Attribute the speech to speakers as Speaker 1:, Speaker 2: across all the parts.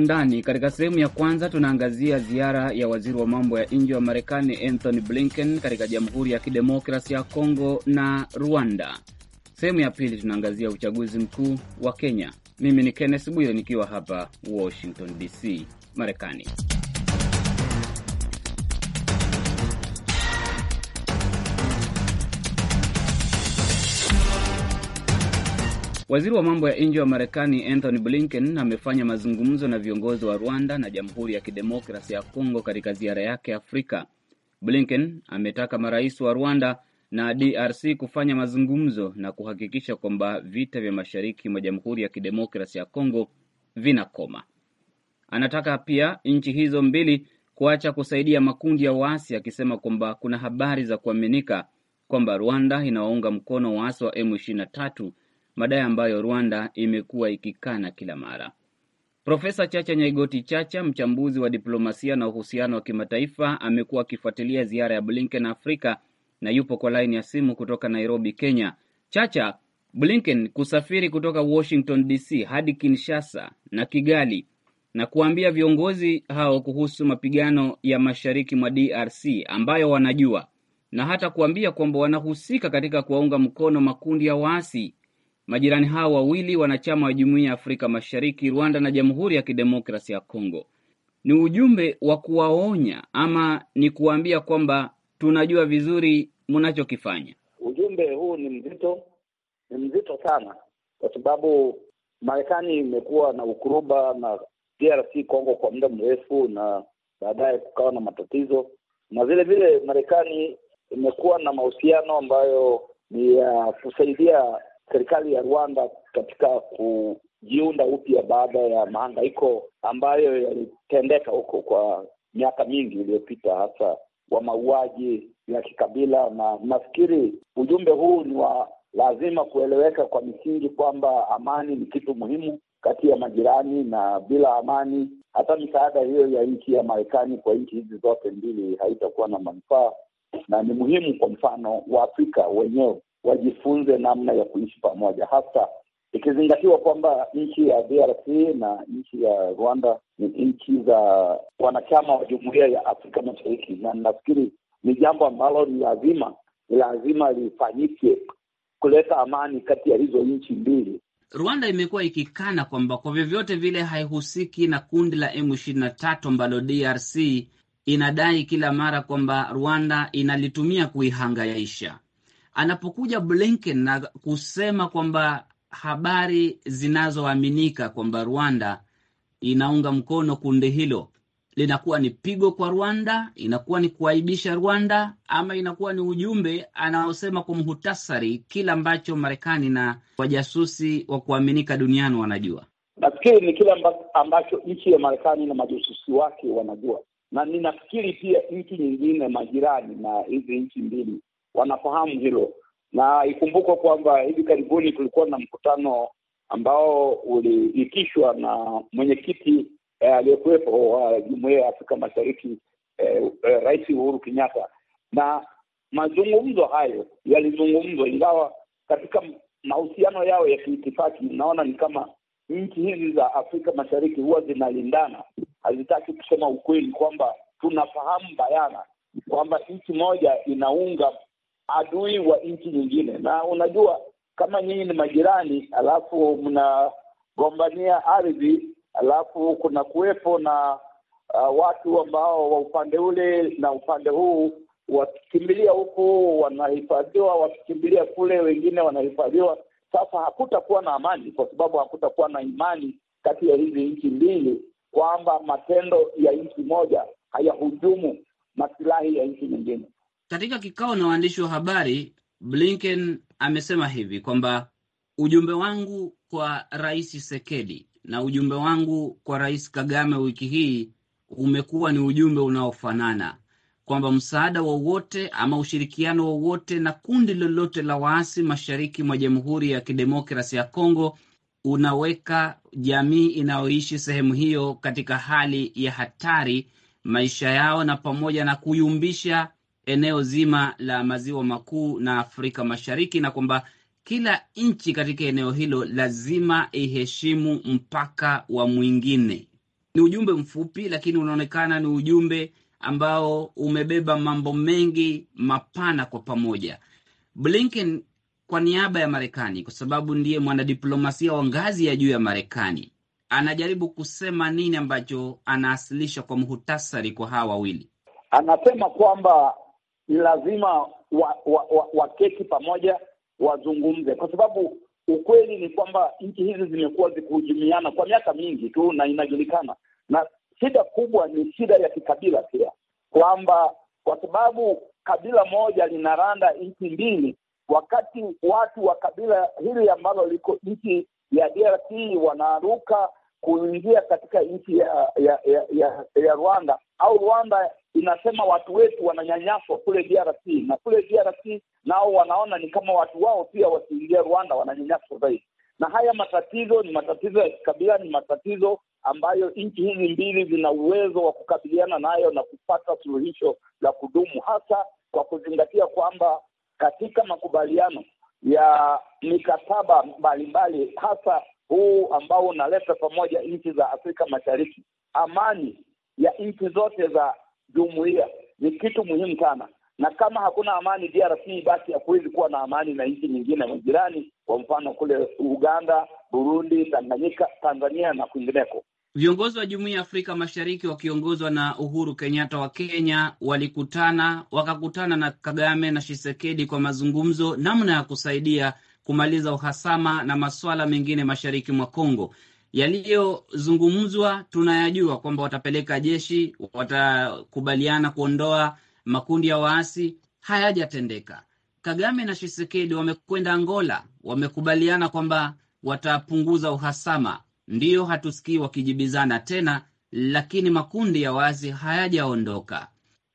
Speaker 1: undani. Katika sehemu ya kwanza, tunaangazia ziara ya waziri wa mambo ya nje wa Marekani Anthony Blinken katika Jamhuri ya Kidemokrasia ya congo na Rwanda. Sehemu ya pili, tunaangazia uchaguzi mkuu wa Kenya. Mimi ni kennes Bwire nikiwa hapa Washington DC, Marekani. Waziri wa mambo ya nje wa Marekani Anthony Blinken amefanya mazungumzo na viongozi wa Rwanda na Jamhuri ya kidemokrasi ya Kongo katika ziara yake Afrika. Blinken ametaka marais wa Rwanda na DRC kufanya mazungumzo na kuhakikisha kwamba vita vya mashariki mwa Jamhuri ya kidemokrasi ya Kongo vinakoma. Anataka pia nchi hizo mbili kuacha kusaidia makundi ya waasi, akisema kwamba kuna habari za kuaminika kwamba Rwanda inawaunga mkono waasi wa M23 madai ambayo Rwanda imekuwa ikikana kila mara. Profesa Chacha Nyaigoti Chacha, mchambuzi wa diplomasia na uhusiano wa kimataifa, amekuwa akifuatilia ziara ya Blinken Afrika na yupo kwa laini ya simu kutoka Nairobi, Kenya. Chacha, Blinken kusafiri kutoka Washington DC hadi Kinshasa na Kigali na kuambia viongozi hao kuhusu mapigano ya mashariki mwa DRC ambayo wanajua na hata kuambia kwamba wanahusika katika kuwaunga mkono makundi ya waasi Majirani hao wawili wanachama wa Jumuiya ya Afrika Mashariki, Rwanda na Jamhuri ya kidemokrasi ya Kongo, ni ujumbe wa kuwaonya ama ni kuwaambia kwamba tunajua vizuri mnachokifanya?
Speaker 2: Ujumbe huu ni mzito, ni mzito sana, kwa sababu Marekani imekuwa na ukuruba na DRC Kongo kwa muda mrefu, na baadaye kukawa na matatizo, na vile vile Marekani imekuwa na mahusiano ambayo ni ya uh, kusaidia serikali ya Rwanda katika kujiunda upya baada ya mahangaiko ambayo yalitendeka huko kwa miaka mingi iliyopita, hasa wa mauaji ya kikabila. Na nafikiri ujumbe huu ni wa lazima kueleweka kwa misingi kwamba amani ni kitu muhimu kati ya majirani, na bila amani hata misaada hiyo ya nchi ya Marekani kwa nchi hizi zote mbili haitakuwa na manufaa, na ni muhimu kwa mfano wa Afrika wenyewe wajifunze namna ya kuishi pamoja, hasa ikizingatiwa kwamba nchi ya DRC na nchi ya Rwanda ni nchi za wanachama wa Jumuiya ya Afrika Mashariki, na nafikiri ni jambo ambalo ni lazima ni lazima lifanyike kuleta amani kati ya hizo nchi
Speaker 1: mbili. Rwanda imekuwa ikikana kwamba kwa vyovyote vile haihusiki na kundi la M ishirini na tatu ambalo DRC inadai kila mara kwamba Rwanda inalitumia kuihangaisha anapokuja Blinken na kusema kwamba habari zinazoaminika kwamba Rwanda inaunga mkono kundi hilo, linakuwa ni pigo kwa Rwanda, inakuwa ni kuaibisha Rwanda, ama inakuwa ni ujumbe anaosema kwa muhtasari kila ambacho Marekani na wajasusi wa kuaminika duniani wanajua.
Speaker 2: Nafikiri ni kile ambacho nchi ya Marekani na majasusi wake wanajua, na ninafikiri pia nchi nyingine majirani na hizi nchi mbili wanafahamu hilo, na ikumbukwa kwamba hivi karibuni kulikuwa na mkutano ambao uliitishwa na mwenyekiti eh, aliyekuwepo wa uh, jumuiya ya Afrika Mashariki eh, eh, Rais Uhuru Kenyatta, na mazungumzo hayo yalizungumzwa, ingawa katika mahusiano yao ya kiitifaki, naona ni kama nchi hizi za Afrika Mashariki huwa zinalindana, hazitaki kusema ukweli kwamba tunafahamu bayana kwamba nchi moja inaunga adui wa nchi nyingine. Na unajua kama nyinyi ni majirani, alafu mnagombania ardhi, alafu kuna kuwepo na uh, watu ambao wa upande ule na upande huu wakikimbilia huku wanahifadhiwa, wakikimbilia kule wengine wanahifadhiwa. Sasa hakutakuwa na amani, kwa sababu hakutakuwa na imani kati ya hizi nchi mbili, kwamba matendo ya nchi moja hayahujumu masilahi ya nchi nyingine.
Speaker 1: Katika kikao na waandishi wa habari, Blinken amesema hivi kwamba ujumbe wangu kwa Rais Sekedi na ujumbe wangu kwa Rais Kagame wiki hii umekuwa ni ujumbe unaofanana kwamba msaada wowote ama ushirikiano wowote na kundi lolote la waasi mashariki mwa Jamhuri ya Kidemokrasi ya Kongo unaweka jamii inayoishi sehemu hiyo katika hali ya hatari, maisha yao, na pamoja na kuyumbisha eneo zima la maziwa makuu na Afrika Mashariki, na kwamba kila nchi katika eneo hilo lazima iheshimu mpaka wa mwingine. Ni ujumbe mfupi, lakini unaonekana ni ujumbe ambao umebeba mambo mengi mapana kwa pamoja. Blinken kwa niaba ya Marekani, kwa sababu ndiye mwanadiplomasia wa ngazi ya juu ya Marekani, anajaribu kusema nini ambacho anaasilisha kwa muhtasari kwa hawa wawili?
Speaker 2: Anasema kwamba ni lazima waketi wa, wa, wa pamoja wazungumze, kwa sababu ukweli ni kwamba nchi hizi zimekuwa zikihujumiana kwa miaka mingi tu, na inajulikana, na shida kubwa ni shida ya kikabila pia, kwamba kwa sababu kabila moja linaranda nchi mbili, wakati watu wa kabila hili ambalo liko nchi ya DRC wanaruka kuingia katika nchi ya ya, ya ya ya Rwanda au Rwanda inasema watu wetu wananyanyaswa kule DRC na kule DRC nao wanaona ni kama watu wao pia wasiingia Rwanda wananyanyaswa zaidi. Na haya matatizo ni matatizo ya kikabila, ni matatizo ambayo nchi hizi mbili zina uwezo wa kukabiliana nayo na kupata suluhisho la kudumu, hasa kwa kuzingatia kwamba katika makubaliano ya mikataba mbalimbali, hasa huu ambao unaleta pamoja nchi za Afrika Mashariki, amani ya nchi zote za jumuiya ni kitu muhimu sana, na kama hakuna amani DRC, basi hakuwezi kuwa na amani na nchi nyingine majirani, kwa mfano kule Uganda, Burundi, Tanganyika, Tanzania na kwingineko.
Speaker 1: Viongozi wa Jumuiya ya Afrika Mashariki wakiongozwa na Uhuru Kenyatta wa Kenya walikutana wakakutana na Kagame na Shisekedi kwa mazungumzo namna ya kusaidia kumaliza uhasama na masuala mengine mashariki mwa Kongo. Yaliyozungumzwa tunayajua kwamba watapeleka jeshi, watakubaliana kuondoa makundi ya waasi, hayajatendeka. Kagame na Tshisekedi wamekwenda Angola, wamekubaliana kwamba watapunguza uhasama. Ndiyo, hatusikii wakijibizana tena, lakini makundi ya waasi hayajaondoka.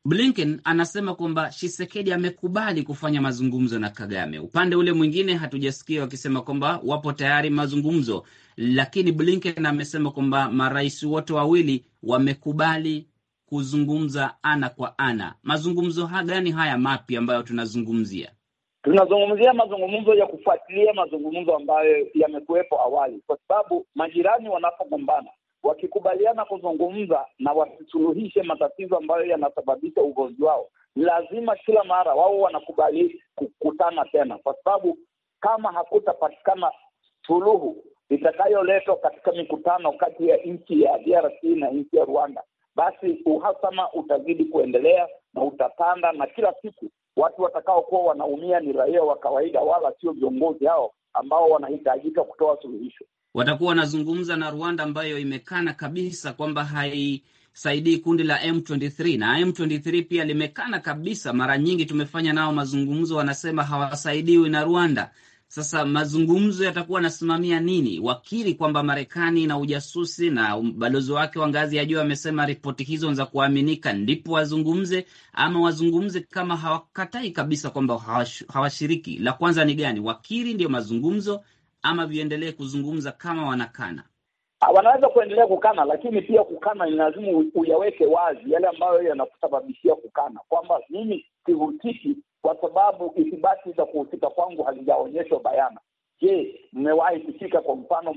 Speaker 1: Blinken anasema kwamba Shisekedi amekubali kufanya mazungumzo na Kagame. Upande ule mwingine hatujasikia wakisema kwamba wapo tayari mazungumzo, lakini Blinken amesema kwamba marais wote wawili wamekubali kuzungumza ana kwa ana. Mazungumzo gani haya mapya ambayo tunazungumzia?
Speaker 2: Tunazungumzia mazungumzo ya kufuatilia mazungumzo ambayo yamekuwepo awali, kwa sababu majirani wanapogombana wakikubaliana kuzungumza na wasisuluhishe matatizo ambayo yanasababisha ugozi wao, lazima kila mara wao wanakubali kukutana tena, kwa sababu kama hakutapatikana suluhu itakayoletwa katika mikutano kati ya nchi ya DRC na nchi ya Rwanda, basi uhasama utazidi kuendelea na utapanda, na kila siku watu watakaokuwa wanaumia ni raia wa kawaida, wala sio viongozi hao ambao wanahitajika kutoa suluhisho
Speaker 1: watakuwa wanazungumza na Rwanda ambayo imekana kabisa kwamba haisaidii kundi la M23, na M23 pia limekana kabisa. Mara nyingi tumefanya nao mazungumzo, wanasema hawasaidiwi na Rwanda. Sasa mazungumzo yatakuwa anasimamia nini? Wakiri kwamba Marekani na ujasusi na balozi wake wa ngazi ya juu amesema ripoti hizo za kuaminika, ndipo wazungumze ama wazungumze kama hawakatai kabisa kwamba hawashiriki? La kwanza ni gani? Wakiri ndio mazungumzo ama viendelee kuzungumza kama wanakana?
Speaker 2: Ah, wanaweza kuendelea kukana, lakini pia kukana ni lazima uyaweke wazi yale ambayo yanakusababishia kukana, kwamba mimi sihusiki kwa sababu ithibati za kuhusika kwangu hazijaonyeshwa bayana. Je, mmewahi kufika kwa mfano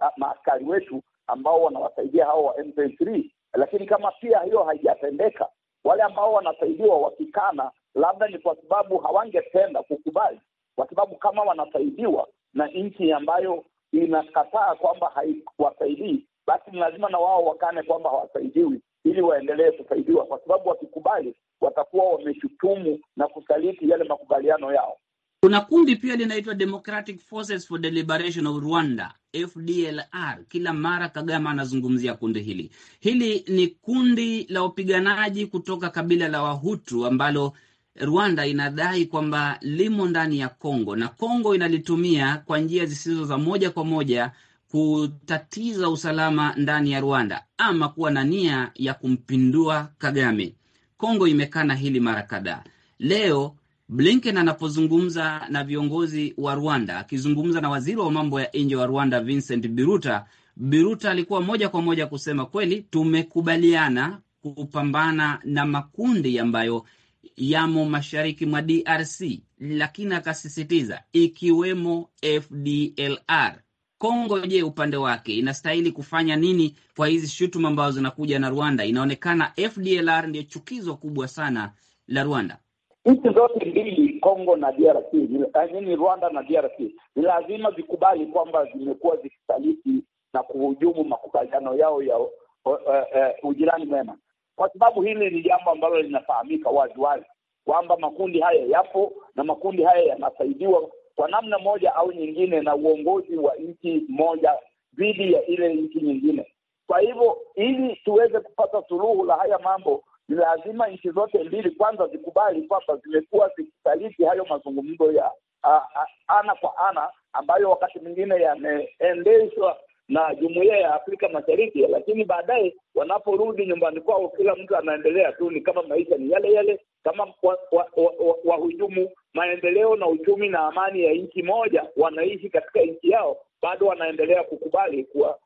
Speaker 2: ah, maaskari ma wetu ambao wanawasaidia hao wa M23? Lakini kama pia hiyo haijatendeka, wale ambao wanasaidiwa wakikana, labda ni kwa sababu hawangependa kukubali, kwa sababu kama wanasaidiwa na nchi ambayo inakataa kwamba haiwasaidii, basi ni lazima na wao wakane kwamba hawasaidiwi ili waendelee kusaidiwa, kwa sababu wakikubali watakuwa wameshutumu na kusaliti yale makubaliano yao.
Speaker 1: Kuna kundi pia linaitwa Democratic Forces for the Liberation of Rwanda, FDLR. Kila mara Kagame anazungumzia kundi hili. Hili ni kundi la wapiganaji kutoka kabila la Wahutu ambalo Rwanda inadai kwamba limo ndani ya Kongo na Kongo inalitumia kwa njia zisizo za moja kwa moja kutatiza usalama ndani ya Rwanda ama kuwa na nia ya kumpindua Kagame. Kongo imekana hili mara kadhaa. Leo Blinken anapozungumza na viongozi wa Rwanda, akizungumza na waziri wa mambo ya nje wa Rwanda Vincent Biruta, Biruta alikuwa moja kwa moja kusema kweli, tumekubaliana kupambana na makundi ambayo yamo mashariki mwa DRC, lakini akasisitiza ikiwemo FDLR. Kongo, je, upande wake inastahili kufanya nini kwa hizi shutuma ambazo zinakuja na Rwanda? Inaonekana FDLR ndiyo chukizo kubwa sana la Rwanda.
Speaker 2: Nchi zote mbili, Kongo na DRC, nini, yaani Rwanda na DRC, ni lazima zikubali kwamba zimekuwa zikisaliti na kuhujumu makubaliano yao ya uh, uh, uh, ujirani mema kwa sababu hili ni jambo ambalo linafahamika wazi wazi kwamba makundi haya yapo na makundi haya yanasaidiwa kwa namna moja au nyingine na uongozi wa nchi moja dhidi ya ile nchi nyingine. Kwa hivyo, ili tuweze kupata suluhu la haya mambo, ni lazima nchi zote mbili kwanza zikubali kwamba zimekuwa zikisaliti hayo mazungumzo ya a, a, ana kwa ana ambayo wakati mwingine yameendeshwa na jumuiya ya Afrika Mashariki, lakini baadaye wanaporudi nyumbani kwao, kila mtu anaendelea tu, ni kama maisha ni yale yale, kama wahujumu wa, wa, wa maendeleo na uchumi na amani ya nchi moja, wanaishi katika nchi yao, bado wanaendelea kukubali kuwa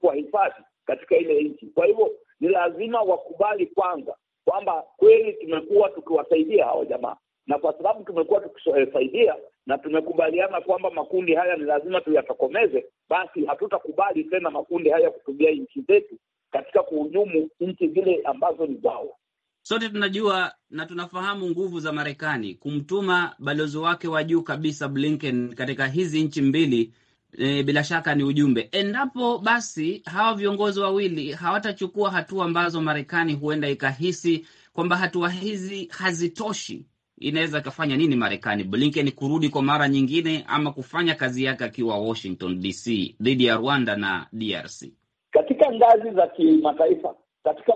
Speaker 2: kwa hifadhi katika ile nchi. Kwa hivyo ni lazima wakubali kwanza kwamba kweli tumekuwa tukiwasaidia hao jamaa, na kwa sababu tumekuwa tukiwasaidia na tumekubaliana kwamba makundi haya ni lazima tuyatokomeze, basi hatutakubali tena makundi haya kutumia nchi zetu katika kuhujumu nchi zile ambazo ni zao.
Speaker 1: Sote tunajua na tunafahamu nguvu za Marekani kumtuma balozi wake wa juu kabisa Blinken katika hizi nchi mbili. E, bila shaka ni ujumbe. Endapo basi hawa viongozi wawili hawatachukua hatua ambazo Marekani huenda ikahisi kwamba hatua hizi hazitoshi inaweza ikafanya nini Marekani? Blinken kurudi kwa mara nyingine, ama kufanya kazi yake akiwa Washington DC dhidi ya Rwanda na DRC
Speaker 2: katika ngazi za kimataifa, katika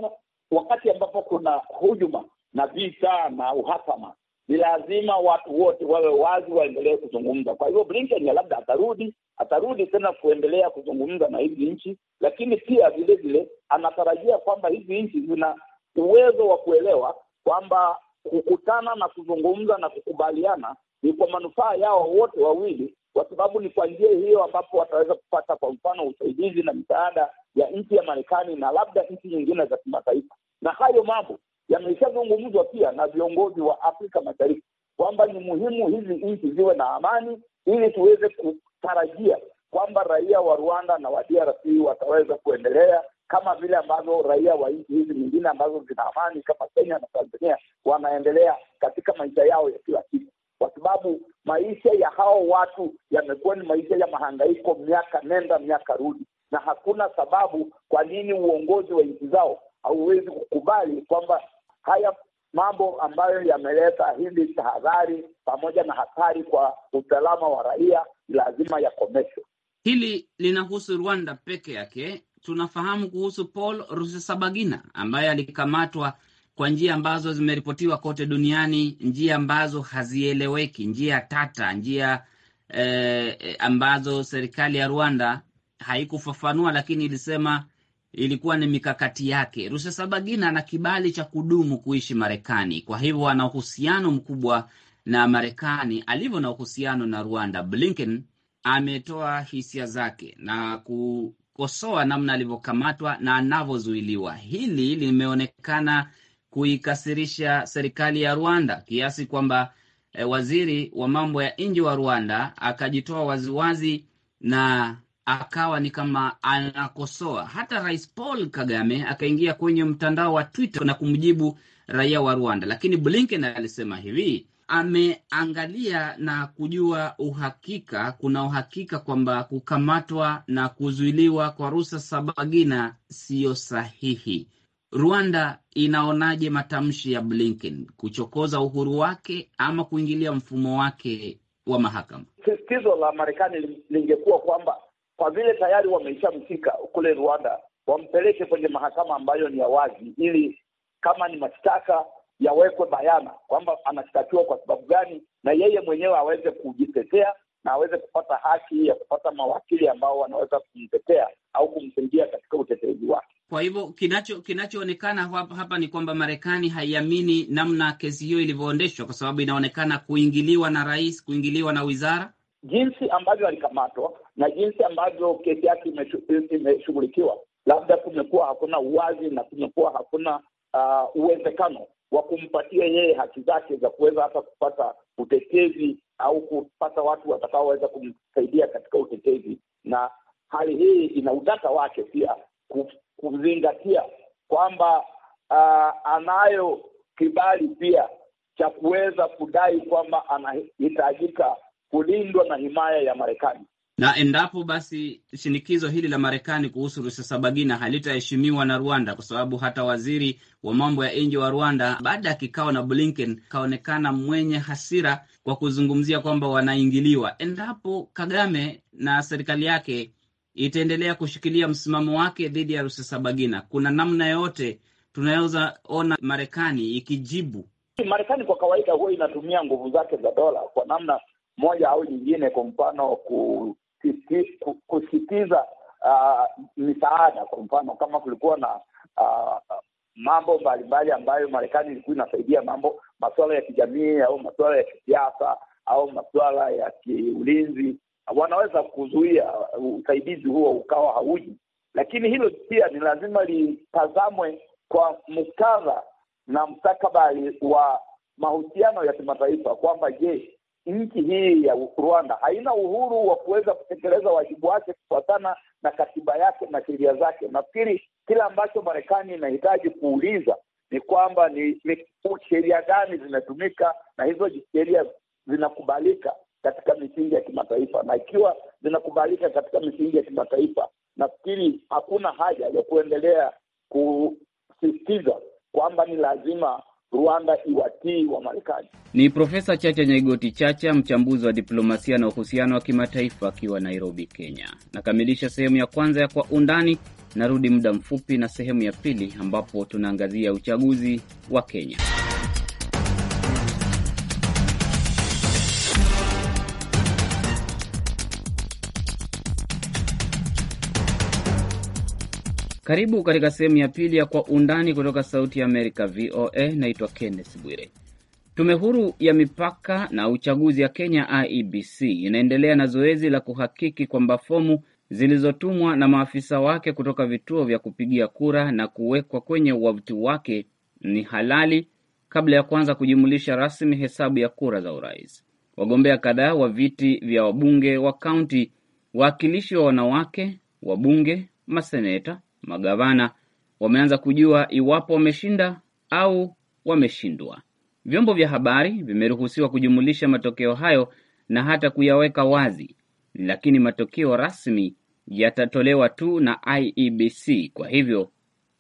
Speaker 2: wakati ambapo kuna hujuma na vita na uhasama ni lazima watu wote wawe wazi, waendelee kuzungumza. Kwa hivyo Blinken labda atarudi atarudi tena kuendelea kuzungumza na hizi nchi, lakini pia vilevile anatarajia kwamba hizi nchi zina uwezo wa kuelewa kwamba kukutana na kuzungumza na kukubaliana ni kwa manufaa yao wote wawili, kwa sababu ni kwa njia hiyo ambapo wataweza kupata kwa mfano usaidizi na misaada ya nchi ya Marekani na labda nchi nyingine za kimataifa. Na hayo mambo yameshazungumzwa pia na viongozi wa Afrika Mashariki kwamba ni muhimu hizi nchi ziwe na amani ili tuweze kutarajia kwamba raia wa Rwanda na wa DRC wataweza kuendelea kama vile ambavyo raia wa nchi hizi nyingine ambazo zina amani kama Kenya na Tanzania wanaendelea katika maisha yao ya kila siku, kwa sababu maisha ya hao watu yamekuwa ni maisha ya mahangaiko, miaka nenda miaka rudi, na hakuna sababu kwa nini uongozi wa nchi zao hauwezi kukubali kwamba haya mambo ambayo yameleta hili tahadhari pamoja na hatari kwa usalama wa raia lazima
Speaker 1: yakomeshwe. Hili linahusu Rwanda peke yake tunafahamu kuhusu Paul Rusesabagina ambaye alikamatwa kwa njia ambazo zimeripotiwa kote duniani, njia ambazo hazieleweki, njia tata, njia eh, ambazo serikali ya Rwanda haikufafanua, lakini ilisema ilikuwa ni mikakati yake. Rusesabagina ana kibali cha kudumu kuishi Marekani, kwa hivyo ana uhusiano mkubwa na Marekani alivyo na uhusiano na Rwanda. Blinken ametoa hisia zake na ku kukosoa namna alivyokamatwa na anavyozuiliwa. Hili limeonekana kuikasirisha serikali ya Rwanda kiasi kwamba e, waziri wa mambo ya nje wa Rwanda akajitoa waziwazi na akawa ni kama anakosoa. Hata Rais Paul Kagame akaingia kwenye mtandao wa Twitter na kumjibu raia wa Rwanda, lakini Blinken alisema hivi ameangalia na kujua uhakika, kuna uhakika kwamba kukamatwa na kuzuiliwa kwa Rusa Sabagina siyo sahihi. Rwanda inaonaje matamshi ya Blinken kuchokoza uhuru wake ama kuingilia mfumo wake wa mahakama?
Speaker 2: Sisitizo la Marekani lingekuwa kwamba kwa vile tayari wameishamsika kule Rwanda, wampeleke kwenye mahakama ambayo ni ya wazi, ili kama ni mashtaka yawekwe bayana kwamba anashtakiwa kwa sababu gani, na yeye mwenyewe aweze kujitetea na aweze kupata haki ya kupata mawakili ambao wanaweza kumtetea au kumsaidia katika utetezi wake.
Speaker 1: Kwa hivyo kinacho kinachoonekana hapa ni kwamba Marekani haiamini namna kesi hiyo ilivyoondeshwa, kwa sababu inaonekana kuingiliwa na rais, kuingiliwa na wizara, jinsi ambavyo alikamatwa
Speaker 2: na jinsi ambavyo kesi yake imeshughulikiwa. Labda kumekuwa hakuna uwazi na kumekuwa hakuna uh, uwezekano wa kumpatia yeye haki zake za kuweza hata kupata utetezi au kupata watu watakaoweza kumsaidia katika utetezi, na hali hii ina utata wake pia kuzingatia kwamba uh, anayo kibali pia cha kuweza kudai kwamba anahitajika kulindwa na himaya ya Marekani
Speaker 1: na endapo basi shinikizo hili la Marekani kuhusu Rusesabagina halitaheshimiwa na Rwanda, kwa sababu hata waziri wa mambo ya nje wa Rwanda baada ya kikao na Blinken kaonekana mwenye hasira kwa kuzungumzia kwamba wanaingiliwa. Endapo Kagame na serikali yake itaendelea kushikilia msimamo wake dhidi ya Rusesabagina, kuna namna yoyote tunaweza ona Marekani ikijibu?
Speaker 2: Marekani kwa kawaida huwa inatumia nguvu zake za dola kwa namna moja au nyingine, kwa mfano kusitiza ah, misaada. Kwa mfano kama kulikuwa na uh, mambo mbalimbali ambayo Marekani ilikuwa inasaidia mambo masuala ya kijamii au masuala ya kisiasa au masuala ya kiulinzi, wanaweza kuzuia usaidizi huo ukawa hauji, lakini hilo pia ni lazima litazamwe kwa muktadha na mstakabali wa mahusiano ya kimataifa kwamba je, nchi hii ya Rwanda haina uhuru wa kuweza kutekeleza wajibu wake kufuatana na katiba yake na sheria zake. Nafikiri kile ambacho Marekani inahitaji kuuliza ni kwamba ni, ni sheria gani zinatumika na hizo sheria zinakubalika katika misingi ya kimataifa, na ikiwa zinakubalika katika misingi ya kimataifa, nafikiri hakuna haja ya kuendelea kusisitiza kwamba ni lazima Rwanda iwatii wa Marekani.
Speaker 1: Ni Profesa Chacha Nyaigoti Chacha, mchambuzi wa diplomasia na uhusiano wa kimataifa akiwa Nairobi, Kenya. Nakamilisha sehemu ya kwanza ya Kwa Undani. Narudi muda mfupi na sehemu ya pili ambapo tunaangazia uchaguzi wa Kenya. Karibu katika sehemu ya pili ya Kwa Undani kutoka Sauti ya Amerika, VOA. Naitwa Kenneth Bwire. Tume huru ya mipaka na uchaguzi ya Kenya, IEBC, inaendelea na zoezi la kuhakiki kwamba fomu zilizotumwa na maafisa wake kutoka vituo vya kupigia kura na kuwekwa kwenye wavuti wake ni halali kabla ya kuanza kujumulisha rasmi hesabu ya kura za urais. Wagombea kadhaa wa viti vya wabunge wa kaunti, wawakilishi wa wanawake, wabunge, maseneta Magavana wameanza kujua iwapo wameshinda au wameshindwa. Vyombo vya habari vimeruhusiwa kujumulisha matokeo hayo na hata kuyaweka wazi, lakini matokeo rasmi yatatolewa tu na IEBC. Kwa hivyo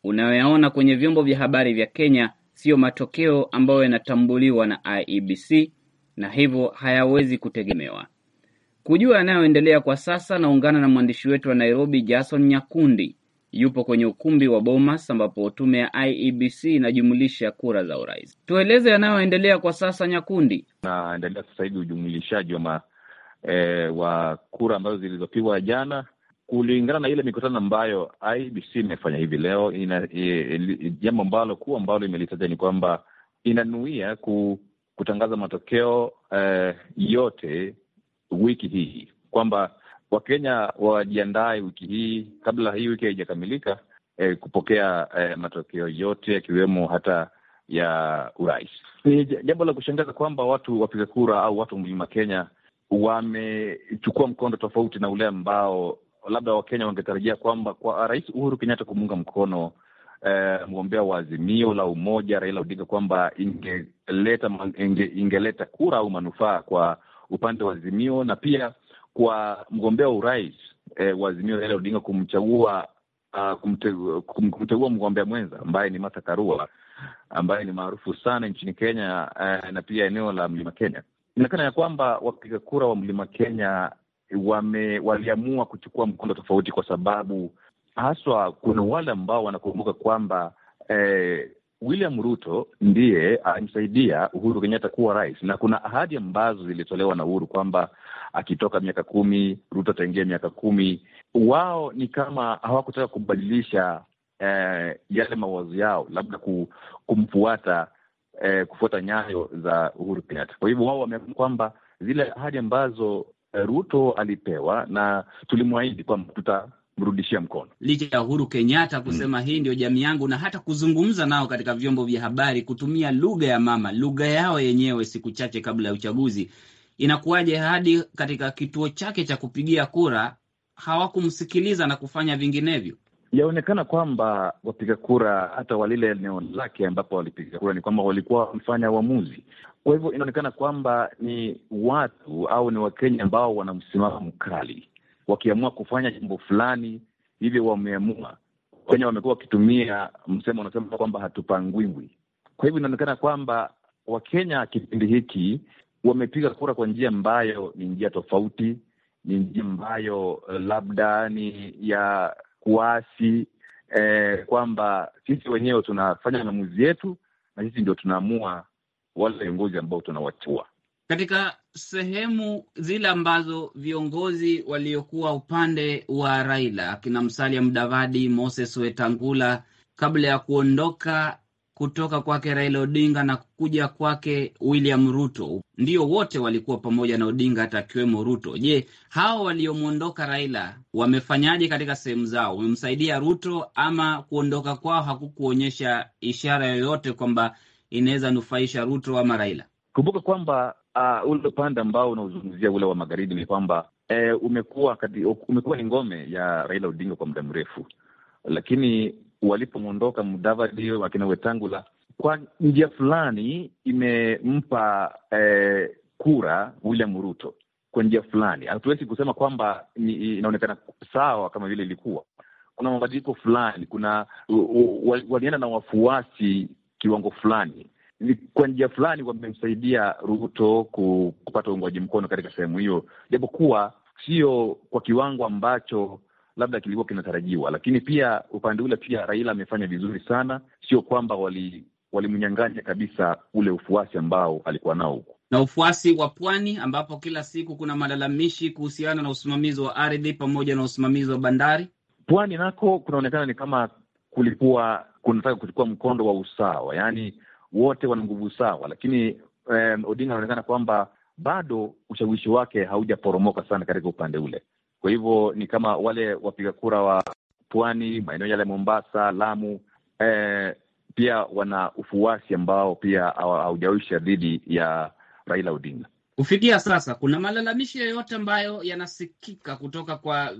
Speaker 1: unayoyaona kwenye vyombo vya habari vya Kenya siyo matokeo ambayo yanatambuliwa na IEBC na hivyo hayawezi kutegemewa. Kujua yanayoendelea kwa sasa, naungana na mwandishi wetu wa Nairobi, Jason Nyakundi yupo kwenye ukumbi wa Bomas ambapo tume ya IEBC inajumulisha kura za urais. Tueleze yanayoendelea kwa sasa, Nyakundi. Naendelea sasa hivi ujumulishaji wa e, wa kura ambazo
Speaker 3: zilizopigwa jana kulingana na ile mikutano ambayo IEBC imefanya hivi leo. Jambo ambalo kuu ambalo imelitaja ni kwamba inanuia ku, kutangaza matokeo e, yote wiki hii kwamba Wakenya wajiandae wiki hii kabla hii wiki haijakamilika, eh, kupokea eh, matokeo yote yakiwemo hata ya urais. Ni jambo la kushangaza kwamba watu wapiga kura au watu mlima Kenya wamechukua mkondo tofauti na ule ambao labda Wakenya wangetarajia kwamba kwa Rais Uhuru Kenyatta kumuunga mkono eh, mgombea wa Azimio la Umoja Raila Odinga kwamba ingeleta inge, ingeleta kura au manufaa kwa upande wa Azimio na pia kwa mgombea wa urais e, wa Azimio Raila Odinga kumchagua uh, kumteua mgombea mwenza ambaye ni Martha Karua ambaye ni maarufu sana nchini Kenya uh, na pia eneo la Mlima Kenya. Inaonekana ya kwamba wapiga kura wa Mlima Kenya wame, waliamua kuchukua mkondo tofauti, kwa sababu haswa kuna wale ambao wanakumbuka kwamba eh, William Ruto ndiye alimsaidia Uhuru Kenyatta kuwa rais, na kuna ahadi ambazo zilitolewa na Uhuru kwamba akitoka miaka kumi Ruto ataingia miaka kumi. Wao ni kama hawakutaka kubadilisha eh, yale mawazo yao, labda kumfuata eh, kufuata nyayo za Uhuru Kenyatta. Kwa hivyo wao wameamua kwamba zile ahadi ambazo eh, Ruto alipewa na tulimwahidi kwamba tuta mrudishia mkono,
Speaker 1: licha ya Uhuru Kenyatta hmm. kusema mm, hii ndio jamii yangu, na hata kuzungumza nao katika vyombo vya habari kutumia lugha ya mama, lugha yao yenyewe, siku chache kabla ya uchaguzi. Inakuwaje hadi katika kituo chake cha kupigia kura hawakumsikiliza na kufanya vinginevyo?
Speaker 3: Yaonekana kwamba wapiga kura hata walile eneo lake ambapo walipiga kura ni kwamba walikuwa wamefanya uamuzi. Kwa hivyo inaonekana kwamba ni watu au ni Wakenya ambao wana msimamo mkali wakiamua kufanya jambo fulani hivyo wameamua. Kenya wamekuwa wakitumia msemo unasema kwamba hatupangwingwi. Kwa hivyo inaonekana kwamba Wakenya kipindi hiki wamepiga kura kwa njia ambayo ni njia tofauti, ni njia ambayo eh, labda ni ya kuasi eh, kwamba sisi wenyewe tunafanya maamuzi yetu na sisi ndio tunaamua wale viongozi ambao tunawachua.
Speaker 1: Katika sehemu zile ambazo viongozi waliokuwa upande wa Raila akina Musalia Mudavadi, Moses Wetangula, kabla ya kuondoka kutoka kwake Raila Odinga na kuja kwake William Ruto, ndio wote walikuwa pamoja na Odinga, hata akiwemo Ruto. Je, hawa waliomwondoka Raila wamefanyaje katika sehemu zao? Wamemsaidia Ruto ama kuondoka kwao hakukuonyesha ishara yoyote kwamba inaweza nufaisha Ruto ama Raila?
Speaker 3: Kumbuka kwamba uh, ule upande ambao unaozungumzia ule wa magharibi ni kwamba eh, umekuwa umekuwa ni ngome ya Raila Odinga kwa muda mrefu, lakini walipomwondoka Mudavadi wakina Wetangula, kwa njia fulani imempa eh, kura William Ruto kwa njia fulani. Hatuwezi kusema kwamba inaonekana sawa kama vile ilikuwa. Kuna mabadiliko fulani, kuna walienda na wafuasi kiwango fulani kwa njia fulani wamemsaidia Ruto kupata uungwaji mkono katika sehemu hiyo, japokuwa sio kwa kiwango ambacho labda kilikuwa kinatarajiwa, lakini pia upande ule pia Raila amefanya vizuri sana, sio kwamba wali walimnyang'anya kabisa ule ufuasi ambao alikuwa nao
Speaker 1: huko na ufuasi wa pwani ambapo kila siku kuna malalamishi kuhusiana na usimamizi wa ardhi pamoja na usimamizi wa bandari. Pwani nako kunaonekana ni kama kulikuwa
Speaker 3: kunataka kuchukua mkondo wa usawa, yaani wote wana nguvu sawa, lakini um, Odinga anaonekana kwamba bado ushawishi wake haujaporomoka sana katika upande ule. Kwa hivyo ni kama wale wapiga kura wa pwani, maeneo yale ya Mombasa, Lamu, eh, pia wana ufuasi ambao pia haujawisha dhidi ya
Speaker 1: Raila Odinga. Kufikia sasa, kuna malalamishi yoyote ambayo yanasikika kutoka kwa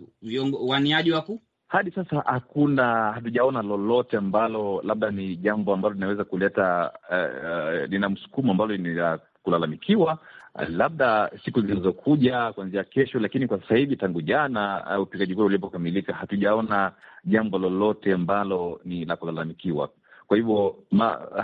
Speaker 1: waniaji wakuu? hadi sasa hakuna, hatujaona lolote
Speaker 3: ambalo labda ni jambo ambalo linaweza kuleta eh, eh, lina uh, uh, msukumo ambalo ni la kulalamikiwa uh, labda siku zilizokuja kuanzia kesho, lakini kwa sasa hivi tangu jana uh, upigaji kura ulipokamilika, hatujaona jambo lolote ambalo ni la kulalamikiwa. Kwa hivyo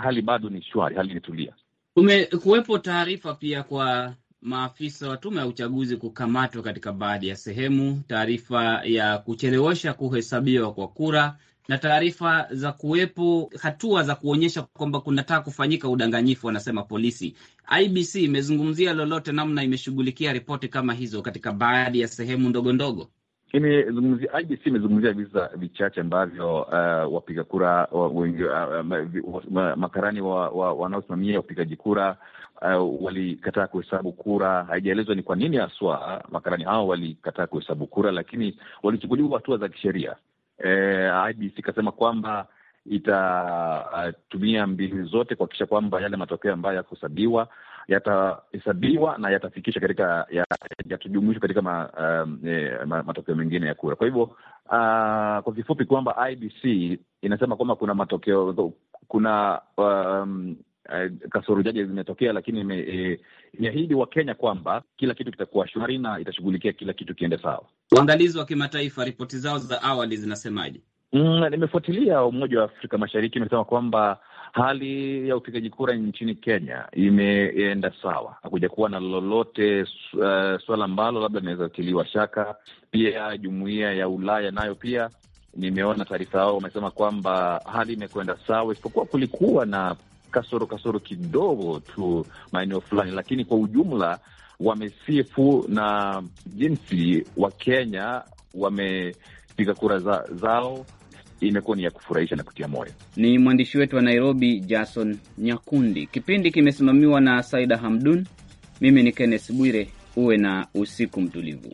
Speaker 3: hali bado ni shwari, hali imetulia.
Speaker 1: Kumekuwepo taarifa pia kwa maafisa wa tume ya uchaguzi kukamatwa katika baadhi ya sehemu, taarifa ya kuchelewesha kuhesabiwa kwa kura na taarifa za kuwepo hatua za kuonyesha kwamba kunataka kufanyika udanganyifu, wanasema polisi. IBC imezungumzia lolote, namna imeshughulikia ripoti kama hizo katika baadhi ya sehemu ndogo ndogo.
Speaker 3: Imezungumzia, IBC imezungumzia visa vichache ambavyo uh, wapiga kura wengi, uh, makarani wanaosimamia wa, wanaosimamia upigaji kura uh, walikataa kuhesabu kura. Haijaelezwa ni kwa nini haswa makarani hao walikataa kuhesabu kura, lakini walichukuliwa hatua za kisheria. E, IBC ikasema kwamba itatumia uh, mbinu zote kuhakikisha kwamba yale matokeo ambayo yakuhesabiwa yatahesabiwa na yatafikisha katika yatujumuishwa katika ma, um, e, ma, matokeo mengine ya kura. Kwa hivyo uh, kwa vifupi kwamba IBC inasema kwamba kuna matokeo kuna um, Eh, kasoro jaje zimetokea, lakini eh,
Speaker 1: imeahidi wa Wakenya kwamba kila kitu kitakuwa shwari na itashughulikia kila kitu kiende sawa. Uangalizi wa kimataifa, ripoti zao za awali zinasemaje?
Speaker 3: Mm, nimefuatilia Umoja wa Afrika Mashariki imesema kwamba hali ya upigaji kura nchini Kenya imeenda sawa, hakuja kuwa na lolote uh, ambalo labda linaweza tiliwa shaka. Pia jumuiya ya Ulaya nayo pia nimeona taarifa yao wamesema kwamba hali imekwenda sawa, isipokuwa kulikuwa na kasoro kasoro kidogo tu maeneo fulani, lakini kwa ujumla wamesifu na jinsi Wakenya wamepiga kura za, zao imekuwa ni ya kufurahisha na kutia moyo.
Speaker 1: Ni mwandishi wetu wa Nairobi, Jason Nyakundi. Kipindi kimesimamiwa na Saida Hamdun. Mimi ni Kenneth Bwire. Uwe na usiku mtulivu.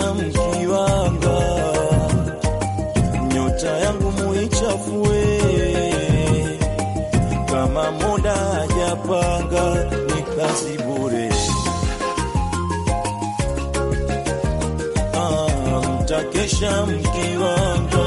Speaker 4: dunia mkiwanga, nyota yangu muichafue, kama Mola hajapanga ni kazi bure. Ah, mtakesha mkiwanga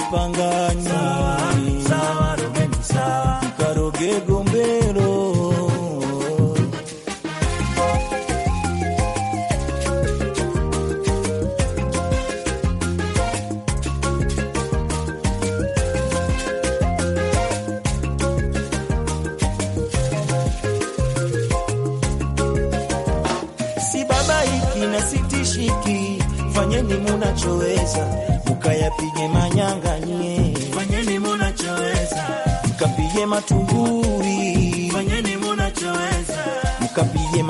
Speaker 4: wanaipanganya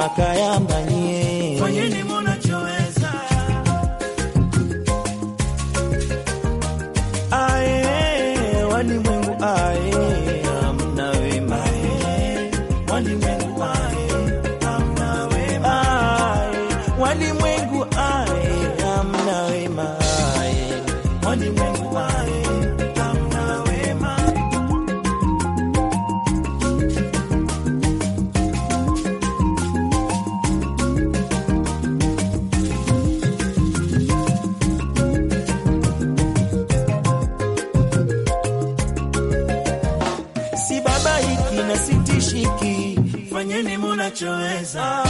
Speaker 4: makayambanyi unachoweza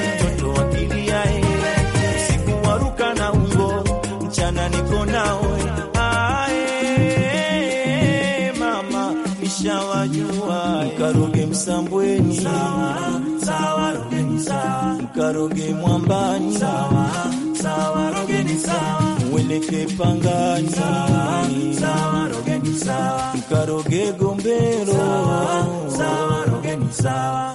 Speaker 4: mkaroge Msambweni sawa, sawa, rogeni sawa, mkaroge Mwambani sawa, sawa, rogeni sawa, mweleke Pangani sawa, sawa, rogeni sawa, mkaroge Gombero sawa, sawa, rogeni sawa